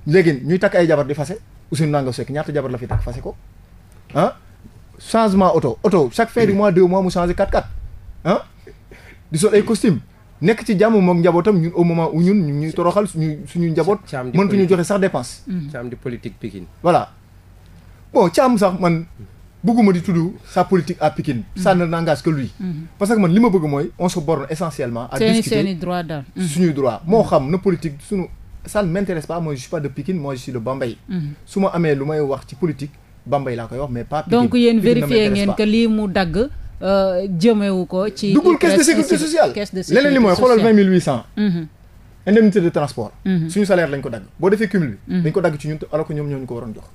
B: léegi ñuy takk ay jabar di fase Ousseynou Nangaw Seck ñaata jabar la fi takk fase ko ah di sol ay costume nekk ci jàmm mook njabootam ñun au moment où ñun ñu ñuy toroxal suñu suñu njaboot ñu joxe sax dépense
C: mm-hmm. caam di politique Pikine
B: voilà bon caam sax man bëgguma di tudd sa politique à Pikine mm-hmm. ça ne n'engage que lui mm-hmm. parce que man li ma bëgg mooy on se borne essentiellement à discuter suñuy droit daal droit moo xam na politique suñu ça ne m'intéresse pas moi je suis pas de Pikine moi je suis de su ma amee lu may wax ci politique Bambey laa koy wax mais pas Pikine donc yéen vérifier
A: dagg Euh, jëmewu ko ci. duggul caisse de sécurité sociale caisse de sécurité sociale leneen li mooy xoolal vingt mille huit cent. Mhm.
B: indemnité de transport. Mhm. suñu salaire lañ ko dagg boo defee cumul bi. Mhm. dañ ko dagg ci ñun alors que ñoom ñoo ñu ko waroon jox.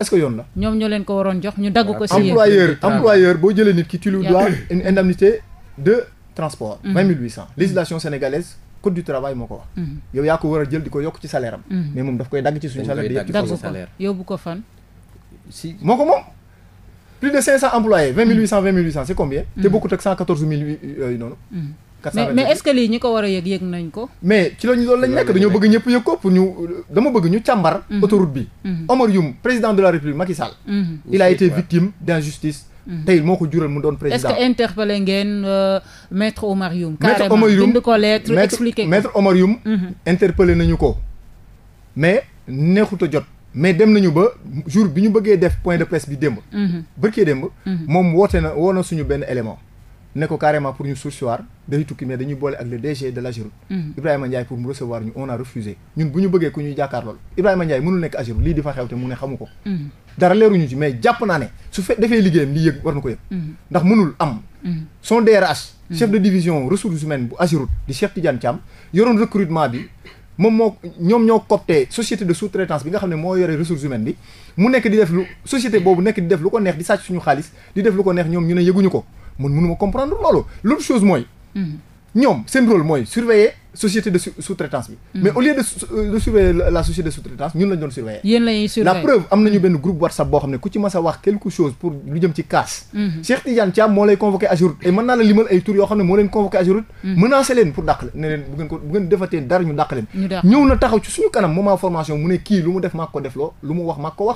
B: est-ce que yoon la.
A: ñoom ñoo leen ko waroon jox ñu dagg ko. si yéen employeur employeur
B: boo jëlee nit ki tu lui dois une indemnité de transport. vingt mille huit cent. législation sénégalaise. code du travail moo ko wax. yow yaa ko war a jël di ko yokk ci salaire am. mais momoom daf koy dagg ci suñu salaire. di yokk ci salaire
A: yóbbu ko fan. si
B: moo ko moom. plus de 500 employés 20 800 20 800 c'est combien. Mm. Mm. mais mais
A: ñi ko war a yëg yëg nañ ko.
B: mais ci la ñu loolu nekk dañoo bëgg ñëpp yëg ko pour ñu dama bëgg ñu càmbar. Mm-hmm. autoroute bi. Mm-hmm. Omar président de la République Macky Sall. Mm-hmm. il a été victime d'injustice. tey moo ko jural mu doon président. est-ce que
A: interpellé ngeen euh, maître Omar Youm.
B: carrément bind ko lettre expliqué ko maître Omar interpellé nañu ko mais neexut a jot. mais dem nañu ba jour bi ñu bëggee def point de presse bi démb. Mhm. bërkee démb. Mhm. moom woote na woo suñu benn élément. ne ko carrément pour ñu surseoir day tukki mais dañuy boole ak le DG de l'AGEROUTE mhm. Ibrahima Ndiaye pour mu recevoir ñu on a refusé ñun bu ñu bëggee ku ñuy jàkkaar lool Ibrahima Ndiaye mënul nekk AGEROUTE lii di fa xew te mu ne xamu ko dara leeruñu ci mais jàpp naa ne su fe defee liggéeyam lii yëg war na ko yëg ndax mënul am son DRH de division ressources humaines bu AGEROUTE di bi moom moo ñoom ñoo copté société de sous-traitance bi nga xam ne moo yore ressources humaines bi mu nekk di def lu société boobu nekk di def lu ko neex di sàcc suñu xaalis di def lu ko neex ñoom ñu ne yëguñu ko man mënuma comprendre loolu l'autre chose mooy mm-hmm. ñoom seen rôle mooy surveiller société de sous-traitance bi. Hmm. mais au lieu de euh, de la société de sous-traitance ñun lañ doon
A: surveiller. la preuve
B: am nañu hmm. benn groupe WhatsApp boo xam ne ku ci mas a wax quelque chose pour lu jëm ci casse. Hmm. Cheikh Tidiane Thiam moo lay convoqué Ageroute et mën pour dàq leen ne leen bu ngeen ko bu ngeen defatee dara ñu dàq leen. ñëw na taxaw ci suñu kanam moment formation mu ne kii lu mu def maa ko def loo lu mu wax maa ko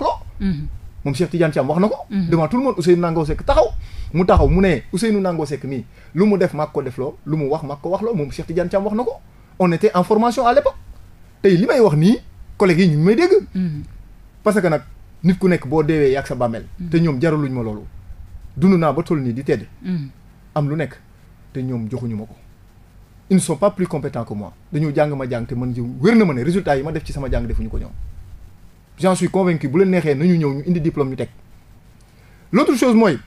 B: mu taxaw mu ne Ousseynou Nango Seck nii lu mu def maag ko loo lu mu wax maag ko wax waxloo moom Cheikh Tidiane Thiam wax na ko on était en formation à l'époque tey li may wax nii collègues yi ñu ngi may dégg. Mm-hmm. parce que nag nit ku nekk boo deewee yàgg sa bàmmeel. te mm-hmm. ñoom jaraluñ ma loolu. dund naa ba toll nii di tedd. Mm-hmm. am lu nekk te ñoom joxuñu ma ko. ils ne sont pas plus compétents que moi dañoo jàng ma jàng te man ji wér na ma ne résultat yi ma def ci sama jàng defuñu ko ñoom. j'en suis bu leen neexee nañu ñëw ñu indi diplôme ñu teg l'autre chose mooy.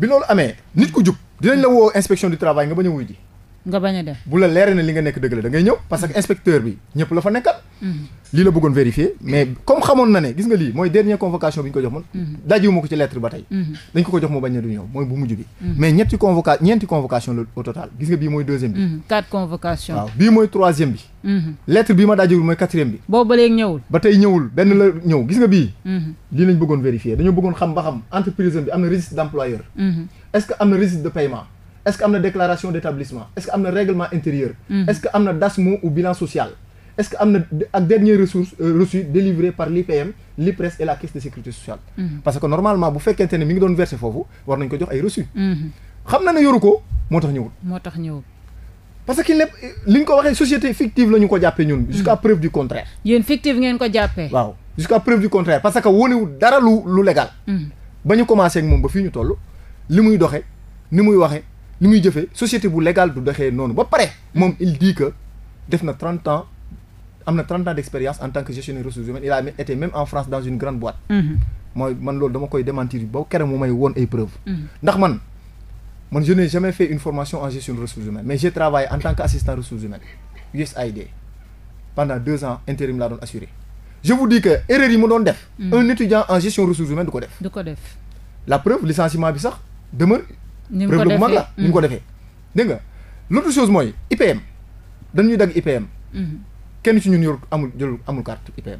B: bi loolu amee nit ku jub dinañ la woo inspection du travail nga bañ a wuy ji nga bañ a dem bu la leeree na li nga nekk dëgg la da ñëw parce que inspecteur bi ñëpp la fa nekkal. Mm-hmm. lii la bëggoon vérifier mais comme xamoon na ne gis nga lii mooy dernière convocation bi mm-hmm. mm-hmm. mooy bu bi. mais convocation bi. mooy troisième bi. lettre bii ma dajiwul mooy quatrième bi. boobu ba ñëwul. ba tey ñëwul benn la ñëw gis nga bii. lii lañ bëggoon vérifier dañoo bëggoon xam ba xam entreprise bi am na registre d'employeur. est-ce que am na est-ce que am na déclaration d'établissement est-ce que am na règlement intérieur mm-hmm. DASMO ou bilan social est-ce que am na ak dernier ressource euh, reçu délivré par l'IPM l'IPRES et la caisse de sécurité sociale mm-hmm. parce que normalement bu fekkente ne mi ngi doon verser foofu war nañ ko jox ay reçu mm-hmm. xam na ne yoru ko moo tax ñëwul moo parce que lépp li ñu ko waxee société fictive la ñu ko jàppee ñun jusqu'à preuve du contraire
A: yéen fictive ngeen ko jàppee
B: waaw jusqu'à preuve du li muy jëfee société bu légal du doxee noonu ba pare moom il dit que def na trente ans am na trente ans d'expérience en tant que gestionnaire ressources humaines il a été même en France dans une grande boîte mm-hmm. mooy man loolu dama koy démentir ba kere mu may woon ay preuves mm-hmm. ndax man man je n'ai jamais fait une formation en gestion de ressources humaines mais j'ai travaillé en tant qu'assistant ressources humaines USAID pendant deux ans intérim laa doon assuré mm-hmm. bi sax demeure
D: ni mu ko mag la ni mu ko mm.
B: defee. dégg nga l'autre chose mooy IPM dañuy dagg IPM. Mm-hmm. kenn ci ñun yor amul jël amul carte IPM.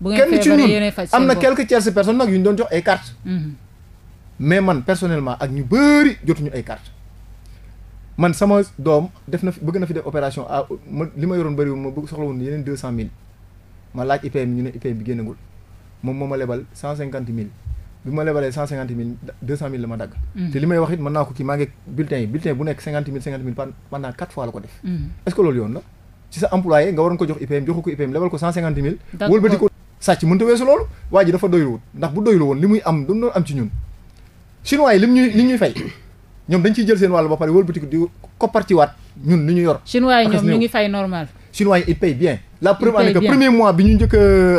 B: bu kenn ci ñun am na quelques tierces personnes nag yu ñu doon jox ay cartes. Mm-hmm. mais man personnellement ak ñu bëri jotuñu ay carte man sama doom def na fi bëgg na fi def opération ah ma li ma yoroon bëriwul ma bëgg soxla woon yeneen deux cent mille ma laaj IPM ñu ne IPM bi génnagul moom moo ma lebal cent cinquante mille bi ma lebalee cent cinquante mille deux cent mille la ma dagg. Mm. te li may wax it naa ko kii maa ngi bulletin yi bulletin bu nekk cinquante mille cinquante mille pendant quatre fois la ko def. Mm. est loolu yoon la ci sa employé nga waroon ko jox IPM joxu ko IPM lebal ko cinquante mille. wëlbati ko sàcc mënta weesu loolu. waa ji dafa doyluwut ndax bu doylu woon li muy am doon am ci ñun chinois yi lim ñuy ñuy fay. ñoom dañ ciy jël seen wàll ba pare su yi ils payent bien. la preuve en premier mois bi ñu njëkk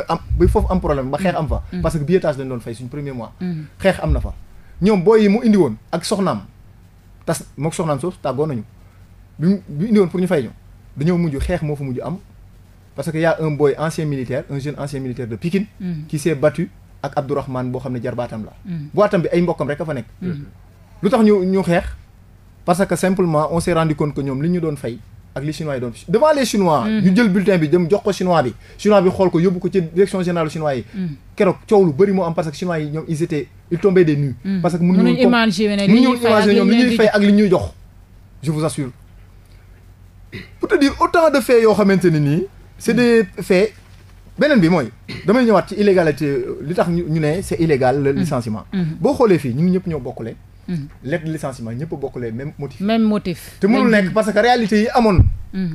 B: am bi foofu am problème ba xeex am fa. Mm-hmm. parce que billetage dañ doon fay suñ premier mois. Mm-hmm. xeex am na fa ñoom booy yi mu indi woon ak soxnaam tas moo soxnaam soosu tàggoo nañu bi mu bi indi woon pour ñu fay ñu dañoo mujj xeex moo fa mujj am parce que y' a un boy ancien militaire un jeune ancien militaire de Pikine. Mm-hmm. qui s'est battu ak Abdourahmane boo xam ne jarbaatam la. tam bi ay mbokkam rek a fa nekk. lu tax ñu ñu xeex parce que simplement on s'est rendu compte ñoom li ñu doon fay. ak li chinois yi mm. ñu jël bulletin bi dem jox ko chinois bi. chinois bi xool ko yóbbu ko ci direction générale chinois yi. Mm. keroog coow lu bëri moo am parce que chinois yi ñoom ils étaient ils tombaient des nues. Mm. parce que mënuñu imaginer li ñuy fay ñoom ak li ñuy jox. je vous assure pour te dire autant de faits yoo xamante ne nii c'est des faits. beneen bi mooy damay ñëwaat ci illégalité li tax ñu ne c'est illégal le licenciement. boo xoolee fii ñun ñëpp ñoo bokkule. Mm-hmm. lettre de licenciement ñëpp bokk les mêmes motifs. même motif. te mënul nekk parce que réalité yi amoon.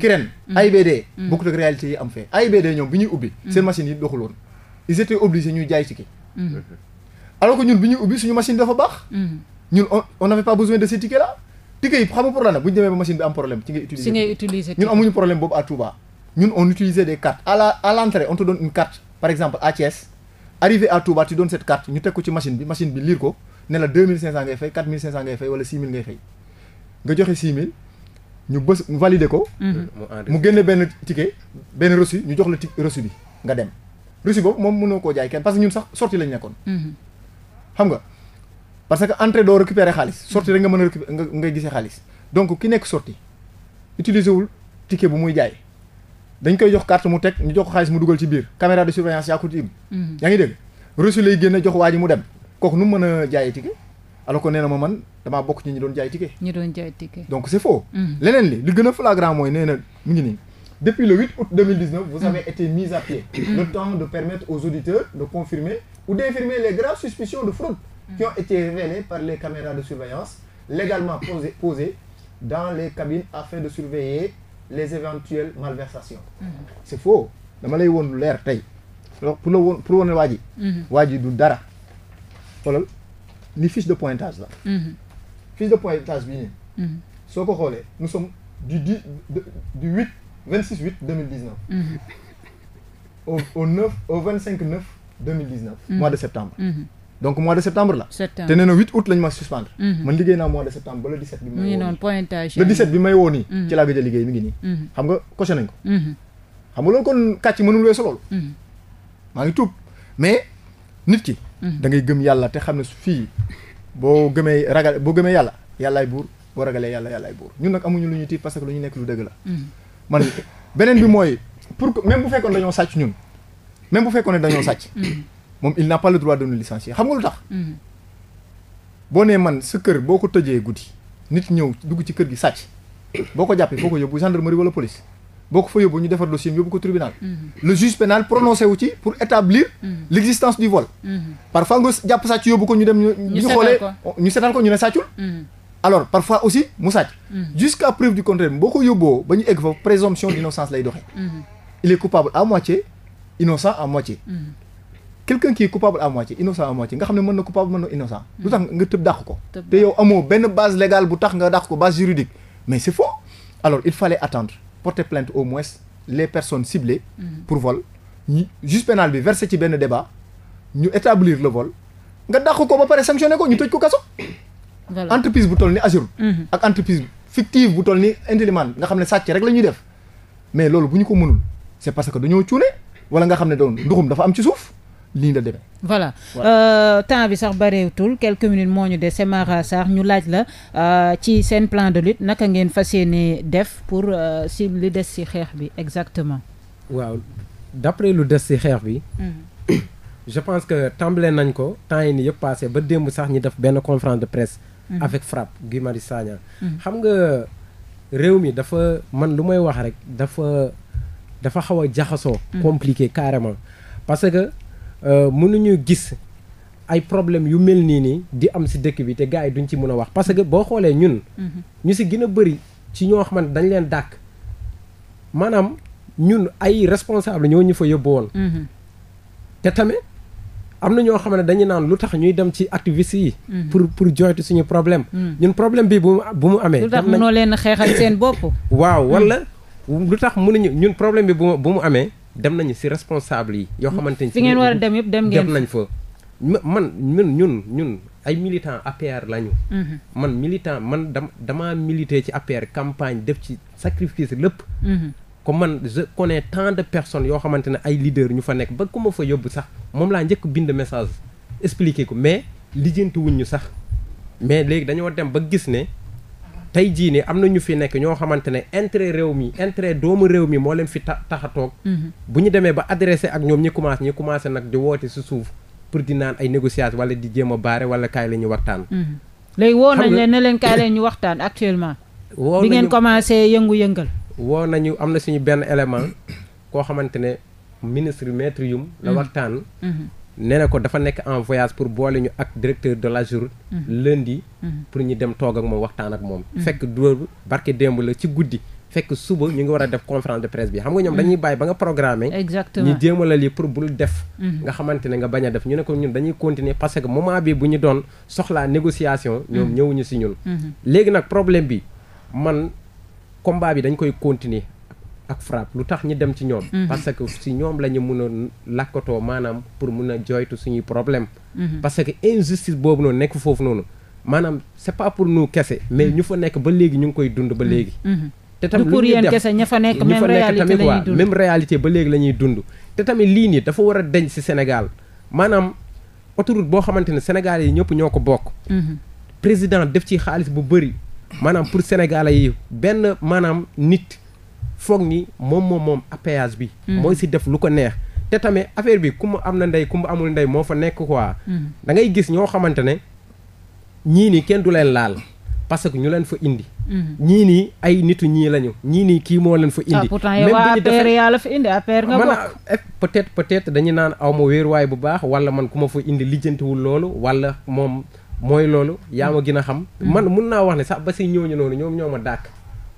B: ki ren AIBD. bokkut ak réalité yi am fee AIBD ñoom bi ñuy ubbi. Mm-hmm. seen machines yi doxul woon ils étaient mm-hmm. machine yi xam nga problème la ñu ba machine bi am problème ci ngay utiliser. ci ngay
A: utiliser ñun amuñu
B: problème boobu à teg ko ci machine bi machine bi lire ko. ne la 2500 ngay fay 4500 ngay fay wala 6000 ngay fay nga joxe 6000 ñu bës validé ko. Mhm. Euh, mu génne benn ticket benn reçu ñu jox la ticket reçu bi nga dem. reçu boobu moom mënoo koo jaay kenn parce que ñun sax sorti lañ nekkoon. Mhm. xam nga parce que entrée doo récupérer xaalis sorti rek nga mën a récupérer nga ngay gisee xaalis donc ki nekk sorti utiliser wul ticket bu muy jaay. dañ koy jox carte mu teg ñu jox ko xaalis mu dugal ci biir caméra de surveillance yaa ko tiim. Mhm. jox waa ji mu dem. kooku nu mu mën a jaayee ticket alors que nee na ma man damaa bokk ci ñi doon
A: doon jaay ticket.
B: donc c' est mm. leneen li li gën a flagrant mooy nee na mu ngi nii. depuis le 8 août 2019 vous mm. avez été mis à pied. Mm. le temps de permettre aux auditeurs de confirmer ou d'infirmer les graves suspicions de fraude. qui ont été révélées par les caméras de surveillance légalement posées dans les cabines afin de surveiller les éventuelles malversations. c' est dama lay woon xoolal li fiche de pointage la. Mhm. fiche de pointage bi nii. Mhm. soo ko xoolee nous sommes du dix du huit vingt six huit deux mille dix neuf. Mhm. au au neuf au vingt cinq neuf mois de septembre. donc mois de septembre la. te nee na huit août lañ ma suspendre. man liggéey naa mois de septembre ba le 17. bi bi may woo nii. ci laa gëj a liggéey mi ngi nii. xam nga coché nañ ko. xam nga loolu kon kàcc mënul weesu loolu. maa ngi tuub mais nit ki. Mhm. da ngay gëm yàlla te xam ne fii boo gëmee ragal boo gëmee yàlla yàllaay buur boo ragalee yàlla yàllaay buur ñun nag amuñu lu ñuy tiit parce que lu ñu nekk lu dëgg la. Mhm. man beneen bi mooy pour que même bu fekkoon dañoo sàcc ñun même bu fekkoon dañoo sàcc. Mhm. moom il n'a pas le droit de nous licencier xam nga lu tax. boo nee man sa kër boo ko tëjee guddi nit ñëw dugg ci kër gi sàcc boo ko jàppee boo ko yóbbu gendarmerie wala police. boo ko fa yóbbu ñu defar dossier yóbbu ko tribunal. Mhm. le juge pénal prononcé wu ci pour établir. Mhm. l' existence du vol. Mhm. parfois nga jàpp sàcc yóbbu ko ñu dem ñu. ñu xoolee ñu seetal ko ñu ne sàccul. alors parfois aussi mu sàcc. jusqu'à preuve du contraire boo ko yóbboo ba ñu egg fa présomption d'innocence lay doxee. il est coupable à moitié innocent à moitié. quelqu'un qui est coupable à moitié innocent à moitié nga xam ne mën na coupable mën na innocent. lu tax nga tëb dàq ko. te yow amoo légale bu tax nga dàq ko base juridique mais c'est faux alors il fallait porté plainte au moins les personnes ciblées. Mhm. pour vol ñu juge bi versé ci benn débat ñu établir la vol nga dàq ko ba pare sanctionné ko ñu tëj ko kaso. entreprise bu toll ni Ageroute. Mhm. ak entreprise fictive bu toll ni Intélimane nga xam ne sàcc rek la ñuy def mais loolu bu ñu ko mënul c'est parce que dañoo cuune wala nga xam ne doon nduxum dafa am ci suuf. nii la demee.
A: voilà euh, temps bi sax bareetul quelques minutes moo ñu dese Mara Sarr ñu laaj la euh, ci seen plan de lutte naka ngeen fas yéene def pour euh, si li des si xeex bi exactement.
C: waaw d'après lu des si xeex bi. Mm. <coughs> je pense que tàmbale nañ ko temps yi nii yëpp passé ba démb sax ñi def benn conférence de presse. Mm. avec frappe Guy Marius Sagna. Mm. xam nga réew mi dafa man lu may wax rek dafa dafa xawa jaxasoo. compliqué carrément parce que. Euh, mënuñu gis ay problème yu mel nii nii di am si dëkk bi te gaa yi duñ ci mën a wax parce que boo xoolee ñun. Mhm. ñu si gën a bëri ci ñoo xamante dañ leen dàkk maanaam ñun ay responsable ñoo ñu fa yóbbu woon. Mhm. te tamit am na ñoo xam ne dañu naan lu tax ñuy dem ci activiste yi. Mhm. pour pour joytu suñu problème. ñun problème bi bu bu mu amee. lu tax mënoo
A: leen xeexal seen bopp.
C: <laughs> waaw wala lu tax mënuñu ñun problème bi bu mu amee. dem nañu si responsable yi. yoo xamante ni fi ngeen war a dem yëpp dem ngeen dem nañ fa. man ñun ñun ñun ay militant APR lañu. Mhm. man militant man dam damaa milité ci APR campagne def ci sacrifice lépp. Mhm. ko man je connais tant de personnes yoo xamante ne ay leaders ñu fa nekk ba ku ma fa yóbbu sax moom laa njëkk bind message expliqué ko mais lijjanti ñu sax mais léegi dañoo dem ba gis ne. tey jii nii am na ñu fi nekk ñoo xamante ne intérêt réew mi intérêt doomu réew mi moo leen fi ta tax a mhm. bu ñu demee ba adressé ak ñoom ñi commencé ñi commencé nag di woote si suuf pour di naan ay négociation wala di jéem a baare wala kaay la ñuy waxtaan.
A: Mhm. léegi woo nañ leen ne leen kaay la waxtaan actuellement. woo nañu bi ngeen commencé yëngu-yëngal.
C: woo nañu am na suñu benn élément koo xamante ne ministre maître Youm. la mhm. waxtaan. nee na ko dafa nekk en voyage pour boole ñu ak directeur de la journée mhm. lundi mhm. pour ñu dem toog ak moom waxtaan ak moom mhm. fekk dóor barke démb la ci guddi fekk suba ñu ngi war a def conférence de presse bi xam nga ñoom dañuy bàyyi ba nga programmé
A: exactement ñu
C: jéem a la lii pour bul def nga xamante ne nga bañ a def ñu ne ko ñun dañuy continuer parce que moment bi bu ñu doon soxlaa négociation ñoom ñëwuñu si ñun léegi nag problème bi man combat bi dañ koy continuer ak FRAPP lu tax ñu dem ci ñoom. Mhm. parce que si ñoom la mun a lakkatoo maanaam pour mun a joytu suñuy problème mhm. parce que injustice boobu noonu nekk foofu noonu maanaam c'est pas pour nous kese. mais mhm. ñu fa nekk ba léegi ñu ngi koy dund ba léegi. te tamit lu pour
A: fa nekk même réalité tamit quoi même
C: réalité ba léegi la ñuy dund. te tamit lii nii dafa war a deñ ci Sénégal maanaam autoroute boo xamante ne Sénégal yi ñëpp ñoo ko bokk. président def ci xaalis bu bëri maanaam pour Sénégalais yi benn maanaam nit. foog ni moom moom moom appayage bi. Mm. mooy si def lu ko neex. te tamit affaire bi ku am na ndey ku amul ndey moo fa nekk ko mm. da ngay gis ñoo xamante ne ñii nii kenn du leen laal. parce que ñu leen fa indi. Mm. ñii nii ay nitu ñii lañu. ñii nii kii moo leen fa ah, indi. pourtant yow waa APR
A: yaa fa indi APR nga eh,
C: peut-être peut-être dañu naan aw ma wéeruwaay bu baax wala man ku ma fa indi lijjantewul loolu walla moom mooy loolu. yaa ma gin a xam. man mun naa wax ne sax ba si ñu noonu ñoom ño ma dàkk.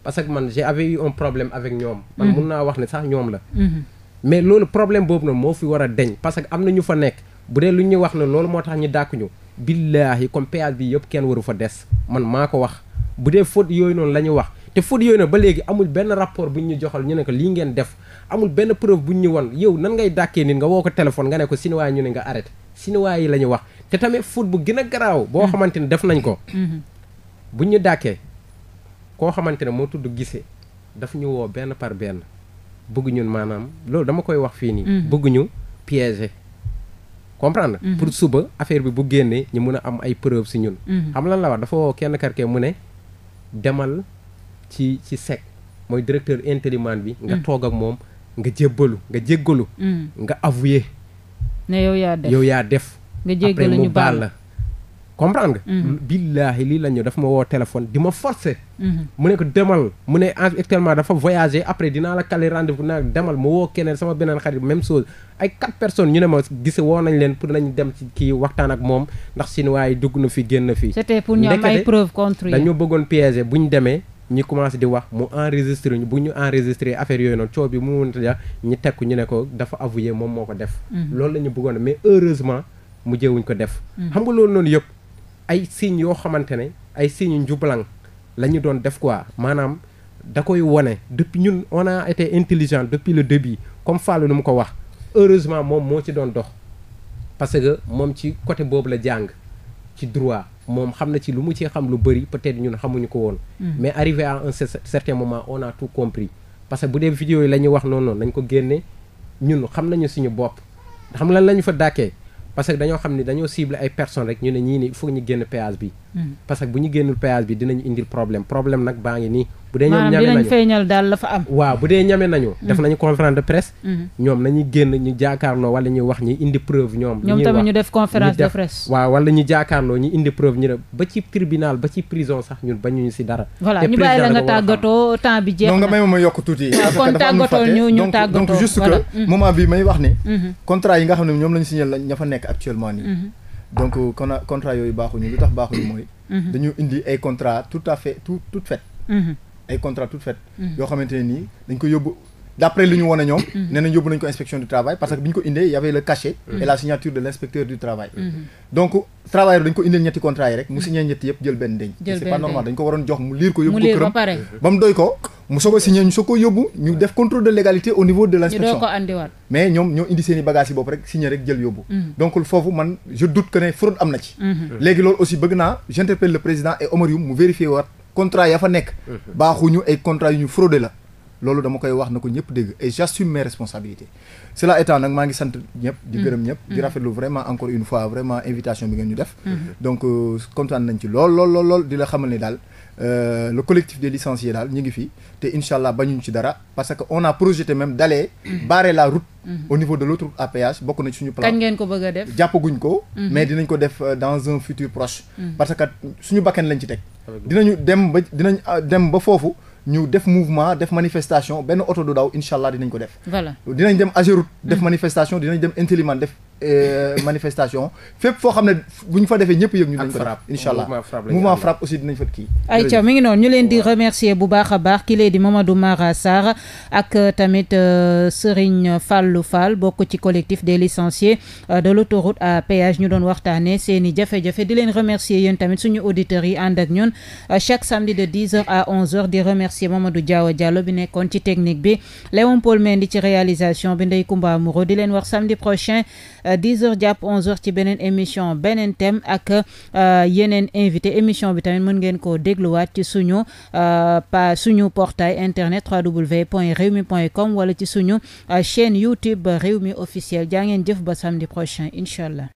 C: parce que man j'avais eu un problème avec ñoom. man mhm. mun naa wax ne sax ñoom la. Mhm. mais loolu problème boobu noonu moo fi war a deñ parce que am na ñu fa nekk bu dee lu ñu wax ne loolu moo tax ñu dàkk ñu. billaahi comme péage bi yëpp kenn waru fa des man maa ko wax bu dee faute yooyu noonu la ñu wax te faute yooyu noonu ba léegi amul benn rapport bu ñu joxal ñu ne ko lii ngeen def amul benn preuve bu ñu won yow nan ngay dàkkee nit nga woo ko téléphone nga ne ko sinuwaa ñu ne nga arrêté sinuwaa yi la ñu wax te tamit faute bu gën garaaw boo mhm. xamante ne def nañ ko bu ñu dàkkee koo xamante ne moo tudd gise daf ñu woo benn par benn bëgg ñun maanaam loolu dama koy wax fii nii. Mm-hmm. bëgguñu ñu piéger. Mm-hmm. pour suba affaire bi bu génnee ñu mën a am ay preuve si ñun. Mm-hmm. xam lan la wax dafa woo kenn karke mu ne demal ci ci sec mooy directeur intérimaire bi. nga toog ak moom nga jébbalu nga jéggalu. nga avoué.
A: ne yow yaa def yow yaa def. nga jéggalu ñu baal la
C: comprendre nga. Mhm. billaahi lii la ñu ma woo téléphone di ma forcer. Mhm. mu ne ko demal mu ne actuellement dafa voyager après dinaa la caler rendez-vous naa demal ma woo keneen sama beneen xarit même chose ay quatre personnes ñu ne ma gise woo nañ leen pour nañ dem ci waxtaan ak moom ndax chinois yi dugg na fi génn fi. c'était pour ñu am ay bëggoon piéger bu demee. ñu commencé di wax mu enregistré ñu bu ñu enregistré affaire yooyu noonu coow bi mu mënta ja ñu teg ñu ne moo ko def. Mhm. loolu la ñu bëggoon ko def. xam nga loolu noonu ay signes yoo xamante ne ay signes njublang la ñu doon def quoi maanaam da koy wone depuis ñun on a été intelligent depuis le début comme Fallou nu mu ko wax heureusement moom moo ci doon dox parce que moom ci côté boobu la jàng ci droit moom xam na ci lu mu ci xam lu bëri peut-être ñun xamuñu ko woon mm. mais arrivé à un certain moment on a tout compris parce que bu dee vidéo yi la wax noonu noonu nañ ko génne ñun xam nañu suñu bopp xam lan la ñu fa dàkkee parce que dañoo xam ne dañoo ciblé ay personnes rek ñu ne ñii ni il faut ñu génn péage bi Mm. parce que bu ñu génnul péage bi dinañu indil problème problème nag baa ngi nii. bu dee ñoom ñame nañu
A: feeñal daal la fa am. waaw
C: bu dee ñame nañu. Mm. def nañu conférence de presse. Mm. ñoom nañu ñu jaakaarloo wala ñuy wax ñi indi preuve ñoom. ñuy wax ñoom ñu def
A: conférence de presse.
C: waaw wala ñu ñu indi preuve ñu ne ba ci tribunal ba ci prison sax ñun ñu si dara. voilà ñu bàyyi la nga
A: tàggatoo temps bi jeex na. donc nga may
B: ma yokk tuuti. Ah, kon tàggatoo wax ni. Mm-hmm. contrat yi nga xam ne ñoom lañu signé la ña fa nekk actuellement nii mm-hmm. donc kon euh, contrat yooyu baaxuñu lu tax baaxuñu mooy. Mhm. dañu indi ay contrat tout à fait tout toute faite. Mhm. ay contrat toute faite. Mhm. yoo xamante nii dañ ko yóbbu. d'après li ñu wane ñoom mm-hmm. nee yóbbu nañ ko inspection du travail parce que bi ñu ko indee y avait le cachet mm-hmm. et la signature de l'inspecteur du travail mm-hmm. donc travailleur dañ ko indil ñetti contrat yi rek mu signé ñetti yëpp jël benn dañ ko waroon jox mu ba mu doy ko mu soog a signé ñu soog ko yóbbu ñu def contrôle de légalité au niveau de l'inspection mais ñoom ñoo indi seen i bopp rek signé jël yóbbu donc foofu man je doute que ne loolu dama koy wax na ko ñëpp dégg et j'assume mes responsabilités cela étant nag maa ngi sant ñëpp di mm. gërëm ñëpp di mm. rafetlu vraiment encore une fois vraiment invitation bi ngeen ñu def mm. donc euh, kontaan nañ ci lool lool lool la xamal ne daal euh, le collectif des licenciés daal ñu ngi fi te incha bañuñ ci dara parce que on a projeté même d'aller barrer la route au niveau de l'autre APH bokk na suñu plan kañ
A: ngeen ko bëgg a def
B: jàppaguñ ko mm-hmm. mais dinañ ko euh, ba ñu def mouvement def manifestation benn oto du daw incha allah dinañ ko def. voilà dinañ dem Ageroute. def mm. manifestation dinañ dem Intélimane def Euh, manifestation fépp foo xam ne bu ñu fa defee ñëpp yëg ñu nañ fa incha allah mouvement frappe aussi dinañ fa kii ayca mi
A: ngi noonu ñu leen di remercier bu baax a baax ki lee di Mamadou Mara Sarr ak euh, tamit euh, Serigne Fallou Fall bokk ci collectif des licenciés de l'autoroute à péage ñu doon waxtaane seeni i jafe-jafe di leen remercier yéen tamit suñu auditeurs yi ànd ak ñun chaque samedi de 10h à 11h di remercier Mamadou Diawa Diallo bi nekkoon ci technique bi Léon bi Ndeye dix heures jàpp onze heures ci beneen émission beneen thème ak euh, yeneen invité émission bi tamit mën ngeen koo dégluwaat ci suñu euh, pa suñu portail internet www.rewmi.com wala ci suñu euh, chaîne YouTube mi officiel jaa ngeen jëf ba samedi prochain incha allah.